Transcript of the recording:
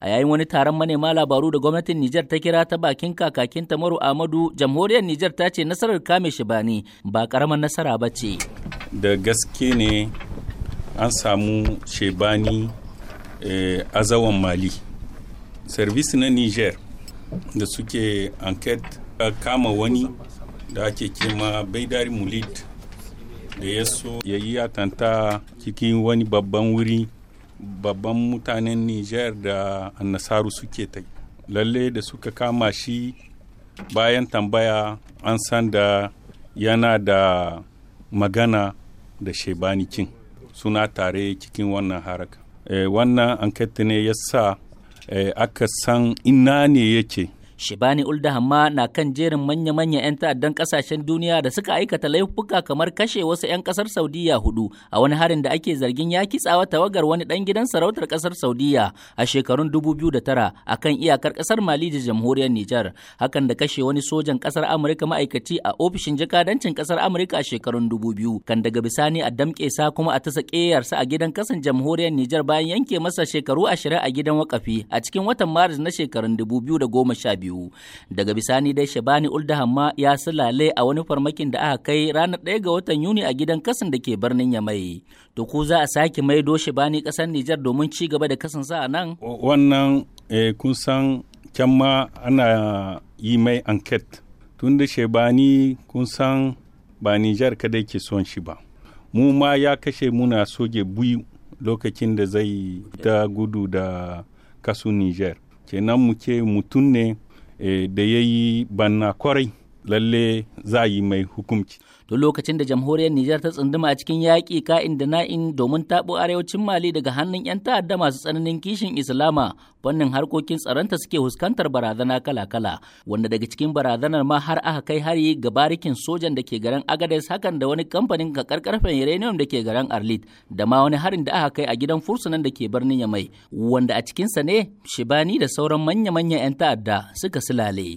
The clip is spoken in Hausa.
a yayin wani taron manema labaru da gwamnatin Nijar ta kira ta bakin kakakin Tamaru amadu jamhuriyar Nijar ta ce nasarar kame shi ba ne ba karamar nasara ba ce da gaske ne an samu shebani eh, azawan mali service na niger da suke a kama wani da ake kima baidari mulid da ya so ya yi atanta cikin wani babban wuri babban mutanen niger da annasaru suke ta lalle da suka kama shi bayan tambaya an san da yana da magana da shebanikin suna tare cikin wannan haraka eh, wannan anketi ne ya sa e, aka san ina ne yake Shibani Uldahamma na kan jerin manya manya 'yan ta'addan kasashen duniya da suka aikata laifuka kamar kashe wasu 'yan kasar Saudiya hudu a wani harin da ake zargin ya kitsawa tawagar wani dan gidan sarautar kasar Saudiya a shekarun 2009 a kan iyakar kasar Mali da jamhuriyar Nijar hakan da kashe wani sojan kasar Amurka ma'aikaci a ofishin jakadancin kasar Amurka a shekarun 2000 kan daga bisani a damƙe sa kuma a tasa ƙeyarsa a gidan kasan jamhuriyar Nijar bayan yanke masa shekaru ashirin a gidan wakafi a cikin watan Maris na shekarun 2012 biyu daga bisani dai shabani uldahamma ya sulale a wani farmakin da aka kai ranar ɗaya ga watan yuni a gidan kasan da ke birnin yamai to ku za a sake maido shabani kasan nijar domin ci gaba da sa a nan wannan eh, kun san can ma ana yi mai enquete tun da shebani kun san ba Nijar kadai ke son shi ba mu ma ya kashe muna soje biyu lokacin da zai ta gudu da kasu Nijar kenan muke mutum ne Eh, da ya yi banna kwarai lalle za yi mai hukunci. duk lokacin da jamhuriyar Nijar ta tsunduma a cikin yaƙi ka'in da na'in domin taɓo arewacin Mali daga hannun 'yan ta'adda masu tsananin kishin Islama, fannin harkokin tsaronta suke fuskantar barazana kala-kala, wanda daga cikin barazanar ma har aka kai hari ga barikin sojan da ke garin Agadez hakan da wani kamfanin kakar karfen uranium da ke garin Arlit, da ma wani harin da aka kai a gidan fursunan da ke birnin Yamai, wanda a cikinsa ne Shibani da sauran manya-manyan 'yan ta'adda suka silale.